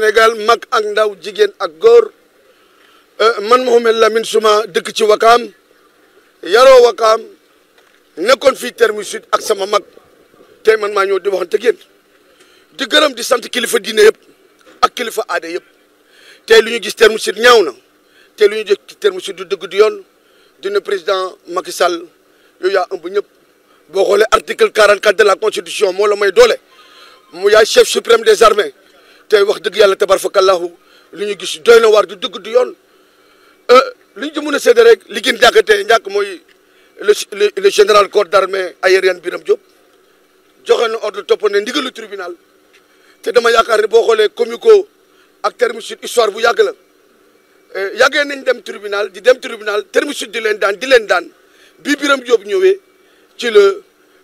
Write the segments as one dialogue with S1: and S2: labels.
S1: Sénégal mag ak ndaw jigéen ak góor euh, man Mouhamed Lamine Souma dëkk ci Wakaam yaroo Wakaam nekkoon fii terme sud ak sama mag tey man maa ñëw di waxante ak yéen di di sant kilifa diine yëpp ak kilifa aada yëpp tey lu ñu gis terme sud ñaaw na te lu ñu gis terme sud du dëgg du yoon dina président Macky Sall yow yaa ëmb ñëpp boo xoolee article 44 de la constitution moo la may doole mu yaay chef suprême des armées te wax dëgg yàlla tabarfakallahu li ñu gis doy na waar du dëgg du yoon euh, li ñu ci mën a seede rek li gën jàkkatee njàkk mooy le le général corps d'armée aérienne biram Diop joxe na ordre topp ne ndigalu tribunal te dama yaakaar ne boo xoolee comico ak terme sud histoire bu yàgg la euh, yàggee nañ dem tribunal di dem tribunal terme di leen daan di leen daan bi Birame Diop ñëwee ci la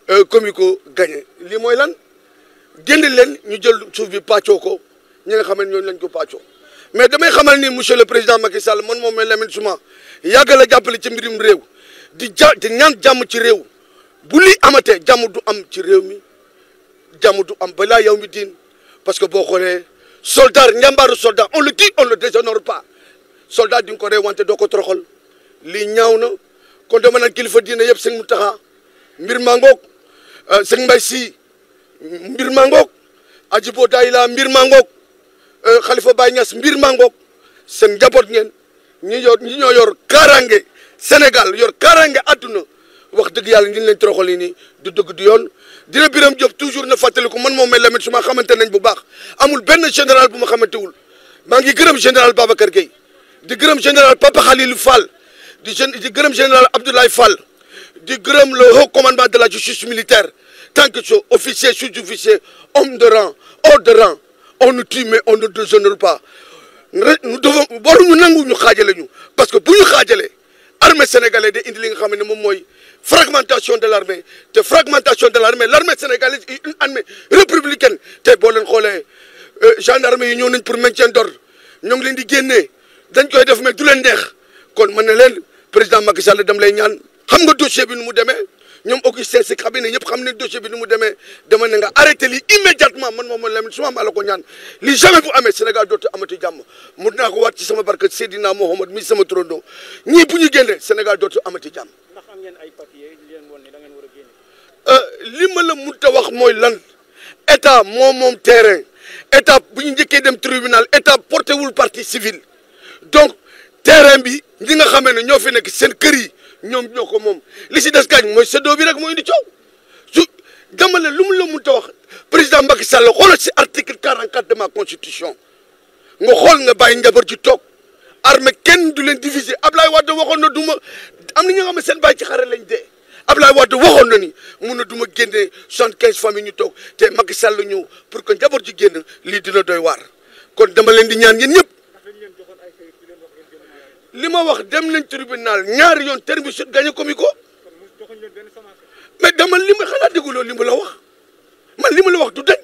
S1: euh, comico gagné lii mooy lan génn leen ñu jël suuf bi pàccoo ko. ñi nga xam ne ñooñu lañ ko pàccoo mais damay xamal ni monsieur le président Macky Sall man moom mooy Lamine Souma yàgg la jàppale ci mbirum réew di ja di ñaan jàmm ci réew bu li amatee jàmm du am ci réew mi jàmm du am balaa yow mi diin parce que boo xoolee soldat njàmbaaru soldat on le dit on le déshonore pas soldat di nga ko reewante doo ko toroxal lii ñaaw na kon dama naan kilifa diine yëpp sëñ Mountakha mbir maa ngoog euh, sëñ si mbir maa ngoog aji boo mbir maa xalifa euh, Baye Niass mbir mangoog seen njaboot ngeen ñi yor ñi ñoo yor kaaraange Sénégal yor kaaraange aduna wax dëgg yàlla ñu leen toroxal nii du dëgg du yoon dina biram Diop toujours na fàttaliku man moom may Lamine su ma xamante nañ bu baax amul benn général bu ma xamante wul maa ngi gërëm général Babacar Gueye di gërëm général Papa Khalilou Fall di di gërëm général Abdoulaye Fall di gërëm le haut commandement de la justice militaire tant que officier sous-officier homme de rang on nous tue mais on ne déshonore pas nous devons waruñu nangu ñu xaajale ñu parce que bu ñu xaajalee armée sénégalaise day indi li nga xam ne moom mooy fragmentation de l' armée te fragmentation de l' armée l' armée sénégalaise est une armée républicaine te boo leen xoolee euh, gendarme yi ñëw nañ pour maintien d'ordre ñoo ngi leen di génnee dañ koy def me du leen neex kon mën na leen président Macky Sall dem lay ñaan xam nga dossier bi nu mu demee. ñoom Augustin si cabinet ñëpp xam ne dossier bi ni mu demee dama ne nga arrêté lii immédiatement man moom mooy Lamine su ma am ala ko ñaan li jamais bu amee Sénégal dootu amati jàmm mun naa ko waat ci sama barke Seydina Mohamed mi sama turandoo ñii bu ñu génnee Sénégal dootu amati jàmm. ndax am ngeen ay papiers yu leen woon ne da ngeen war a génne. Euh, li ma la mun ta wax mooy lan état moom moom terrain état bu ñu njëkkee dem tribunal état porté wul partie civile donc terrain bi ñi nga xamee ne ñoo fi nekk seen kër yi. ñoom ñoo ko moom li si des kañ mooy séddoo bi rek mooy indi coow su dama la lu mu la mun ta wax président Macky Sall xoolal si article 44 de ma constitution nga xool nga bàyyi njabar ji toog armée kenn du leen diviser Ablaye Wade waxoon na du ma am na ñoo xam ne seen bàyyi ci xare lañ dee Ablaye Wade waxoon na ni mun na duma ma génne soixante quinze famille ñu toog te Macky Sall ñëw pour que njabar ji génn lii dina doy waar kon dama leen di ñaan yéen ñëpp. li ma wax dem nañ tribunal ñaari yoon terme bi sut gañe comico mais dama li ma xanaa dégguloo li ma la wax man li ma la wax du dañ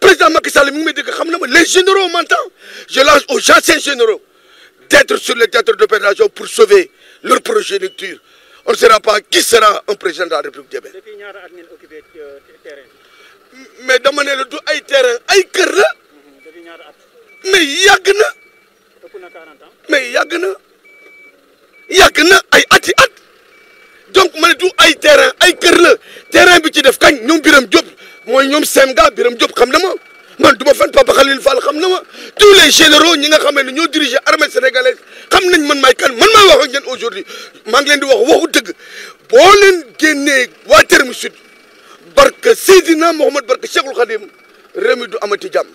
S1: président Macky Sall mi ngi may dégg xam na ma les généraux m'entendent je lance aux anciens généraux d'être sur le théâtre d'opération pour sauver leur progéniture on ne saura pas qui sera un président de la République demain. depuis ñaata at ngeen occupé euh, terrain. mais dama ne la du ay terrain ay kër la. depuis ñaata at. mais yàgg na. mais yàgg na yàgg na ay ati at donc ma ne du ay terrain ay kër la terrain bi ci def kañ ñoom Biram Diop mooy ñoom Semga Biram Diop xam na ma man du ma fen Papa Khalil Fall xam na ma tous les généraux ñi nga xamee ne ñoo diriger armée sénégalaise xam nañ man maay kan man maay wax ak ñen aujourd'hui maa ngi leen di wax waxu dëgg boo leen génnee waa terme sud barke Seydina Mohamed barke Cheikhul Khadim réew mi du amati jàmm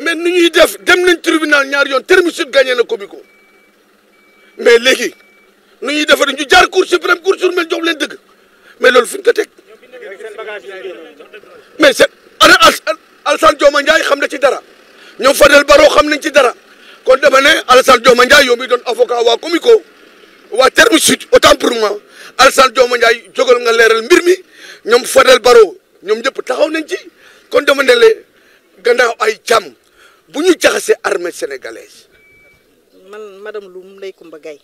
S1: mais nu ñuy def dem nañ tribunal ñaari yoon terme sud gagné na Comico mais léegi nu ñuy defa defar ñu jaar cour suprême cour suprême jox leen dëgg mais loolu fu ñu ko teg mais seen ana Alassane Dioma Ndiaye xam na ci dara ñoom Fadel Barro xam nañ ci dara kon dema ne Alassane Dioma Ndiaye yow mi doon avocat waa Comico waa terme sud autant pour moi Alassane Dioma Ndiaye jógal nga leeral mbir mi ñoom Fadel Barro ñoom ñëpp taxaw nañ ci kon dama ne le gannaaw ay jàmm bu ñu jaxasee armée sénégalaise.
S2: man madame lu Ndeye Koumba Gaye.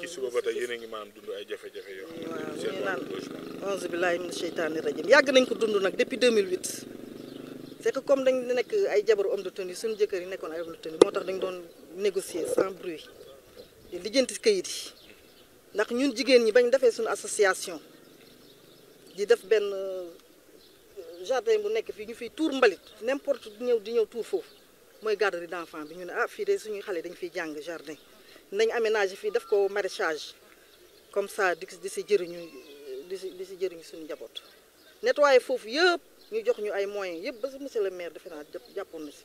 S1: ci suba ba tey yéen a ngi maanaam dund ay jafe-jafe yoo xam ne
S2: seen onze billahi min cheytaani rajim yàgg nañ ko dund nag depuis 2008 c'est que comme dañ nekk ay jabaru homme de tenue suñu jëkkër yi nekkoon ay homme de tenue moo tax dañ doon négocier sans bruit di lijjanti kayit yi ndax ñun jigéen ñi bañ defee suñu association di def benn. jardin bu nekk fii ñu fiy tuur mbalit n'importe di ñëw di ñëw tuur foofu mooy garderie d'enfant bi ñu ne ah fii xale dañu fiy jàng jardin nañ aménagé fii def ko maraîchage comme ça di di si jëriñu di si di si jëriñu suñu njaboot nettoyé foofu yëpp ñu jox ay moyens yëpp ba monsieur le maire defe naa jàppoon na si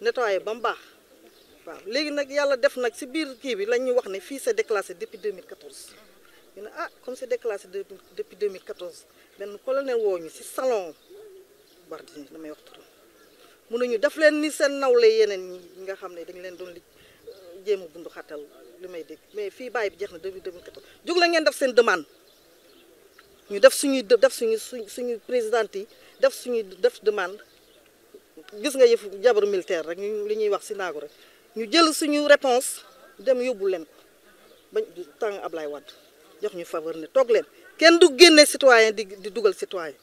S2: nettoyé ba mu baax waaw léegi nag yàlla def nag si biir kii bi lañ ñu wax ne fii c'est déclassé depuis 2014 ñu ne ah comme c'est déclassé depuis 2014 benn colonel woo ñu si salon Wardini damay wax turam mun ñu def leen ni seen nawle yeneen ñi nga xam ne dañ leen doon li euh, jéem a bundu xatal li may dégg mais fii baay bi jeex na depuis 2014 jóg la ngeen def seen demande ñu def suñuy def suñu suñ suñu présidente yi def suñuy def demande gis nga yëfu jabaru militaire rek ñu li ñuy wax si naagu rek ñu jël suñu réponse dem yóbbu leen ko bañ tàng lay Wade jox ñu faveur ne toog leen kenn du génne citoyen di di dugal citoyen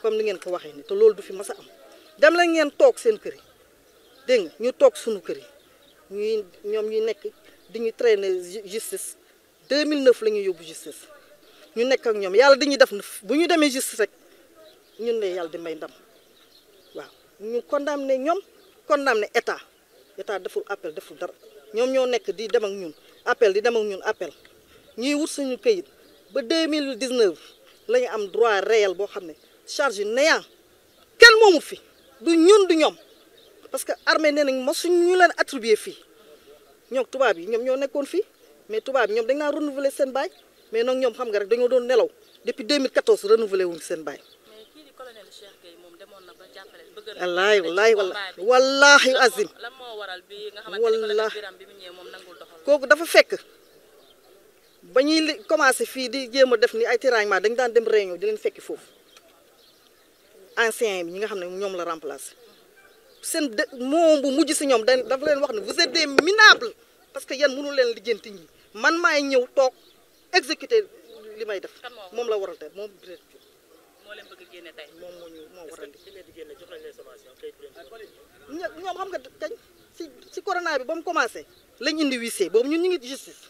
S2: comme ni ngeen ko waxee ni te loolu du fi mas a am dem la ngeen toog seen kër yi dégg nga ñu toog sunu kër yi ñoom ñu nekk di ñu traîner justice 2009 la ñuy yóbbu justice ñu nekk ak ñoom yàlla dañuy def bu ñu demee justice rek ñun ne yàlla di may ndam waaw ñu ne ñoom ne état état deful appel deful dara ñoom ñoo nekk di dem ak ñun appel di dem ak ñun appel ñuy wut suñu këyit ba deux mille dix neuf la ñu am droit réel boo xam ne charge néant kenn moomu fi du ñun du ñoom parce que armée nee nañ mosuñ ñu leen attribué fii ñoom tubaab yi ñoom ñoo nekkoon fii mais tubaab ñoom dañ naa renouveler seen baay mais nag ñoom xam nga rek dañoo doon nelaw depuis 2014 renouveler wuñ seen baay.
S1: wallaahi wallaahi wallaahi azim
S2: wallaahi kooku dafa fekk. ba ñuy commencé fii di jéem a def ni ay tiraillement dañ daan dem réunion di leen fekki foofu anciens yi ñi nga xam ne ñoom la remplacé seen de moom bu mujj si ñoom dañ dafa leen wax ne vous êtes des minables parce que yan mënu leen lijjanti ñi man maay ñëw toog exécuter li may def. moom la waral tey moom. moo leen bëgg génne tey moom moo ñu moo waral ñoom xam nga kañ si si corona bi ba mu commencé lañ indi huissier boobu ñu ñu ngi justice.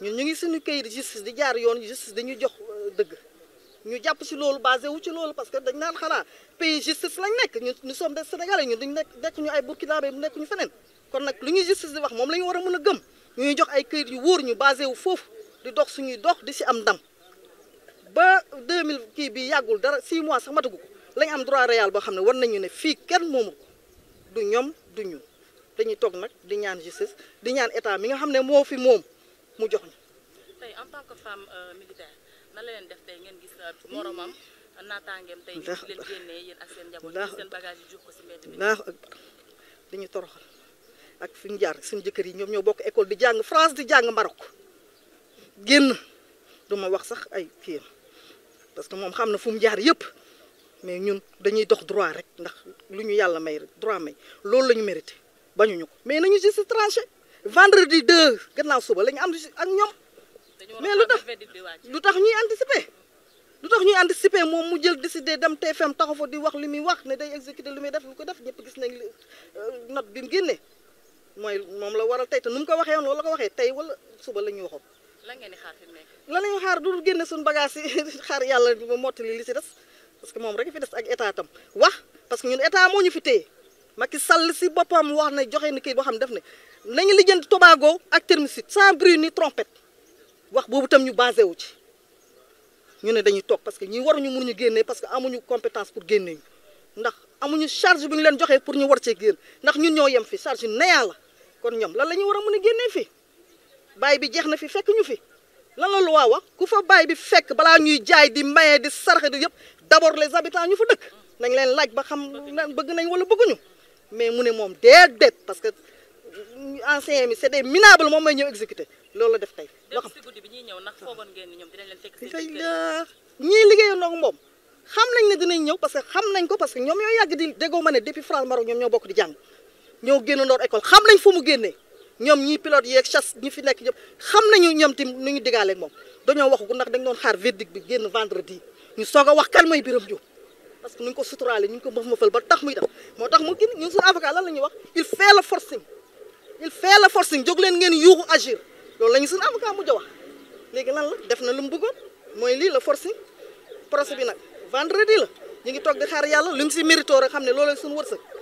S2: ñun ñu ngi suñu kayit justice di jaar yoon justice dañuy jox euh, dëgg ñu jàpp si loolu basé wu ci loolu parce que dañ naan xanaa pays justice lañ nekk ñu nous sommes des sénégalais ñun dañu nekk nekk ñu ay burkinabé nekk ñu feneen kon nag lu ñu justice di wax moom la war a mën a gëm ñuy jox ay kayit yu wóor ñu basé wu foofu di dox suñuy dox di si am ndam ba 2000 kii bi yàggul dara 6 mois sax matagu ko lañ am droit réel boo xam ne war nañu ne fii kenn moomu ko du ñoom du ñu dañuy toog nag di ñaan justice di ñaan état mi nga xam ne moo fi moom. mu jox ñu. tey en tant que femme euh, militaire nan la leen def tey ngeen gis euh, moromam hmm. naataangeem tey ñu leen génnee ak seen njaboot yi seen bagage yi jox ko si mbedd bi. dañu toroxal ak fi ñu jaar suñu jëkkër yi ñoom ñoo bokk école di jàng France di jàng Maroc génn du ma wax sax ay kii parce que moom xam na fu mu jaar yëpp mais ñun dañuy dox droit rek ndax lu ñu yàlla may rek droit may loolu lañu ñu bañuñu ko mais nañu justice tranché vendredi 2 gannaaw suba la ñu am ak ñoom mais lu tax lu tax ñuy anticiper lu tax ñuy anticiper moom mu jël décider dem TFM taxaw fa di wax li muy wax ne day exécuter lu muy def lu ko def ñëpp gis nañ li euh, bi mu génnee mooy moom la waral tey te nu mu ko waxee woon loolu la ko waxee tey wala suba la ñu waxoon. lan ngeen di xaar fi mu nekk. lan la ñuy xaar du génne suñu bagage yi xaar yàlla ba mottali li si des parce que moom rek fi des ak état tam wax parce que ñun état moo ñu fi téye Macky sal si boppam wax ne joxe ni kii boo xam def ne. nañu lijjanti tobago ak thermicide sans bruit ni trompette wax boobu tam ñu basé wu ci ñu ne dañu toog parce que ñi waruñu mun ñu génnee parce que amuñu compétence pour génne ñu ndax amuñu charge bu ñu leen joxee pour ñu war cee génn ndax ñu ñoo yem fi charge neyaa la kon ñoom lan la ñu war a mun a génnee fii bàyyi bi jeex na fi fekk ñu fi lan la loi wax ku fa bàyyi bi fekk balaa ñuy jaay di maye di sarxe di yëpp d'abord les habitants ñu fa dëkk nañ leen laaj ba xam bëgg nañ wala bëgguñu mais mu ne moom déedéet parce que ancien mi c'est des minables moom mooy ñëw exécuté loolu def tey. ni ñoom dinañ leen fekk seen ñii liggéeyandoo ak moom xam nañ ne dinañ ñëw parce que xam nañ ko parce que ñoom ñoo yàgg di déggoo ma ne depuis France Maroc ñoom xam nañ fu mu génnee ñoom ñii pilote yeeg chasse ñi fi nekk ñëpp xam nañu ñoom tim nu ñu digaaleeg moom dañoo wax gu ndax dañ doon xaar verdict bi génn vendredi ñu soog a wax kan mooy Birame Diop parce que ñu ko suturaale ñu ko mëf mëfal ba tax muy def moo tax mu génn ñun suñu avocat la ñuy wax il il fait le forcing jóg leen ngeen yuuxu agir loolu la ñu suñu avocat mujj a wax léegi lan la def na lu mu mooy lii la forcing procès bi nag vendredi la ñu ngi toog di xaar yàlla lu mu si mérito xam ne loolu suñu wërsëg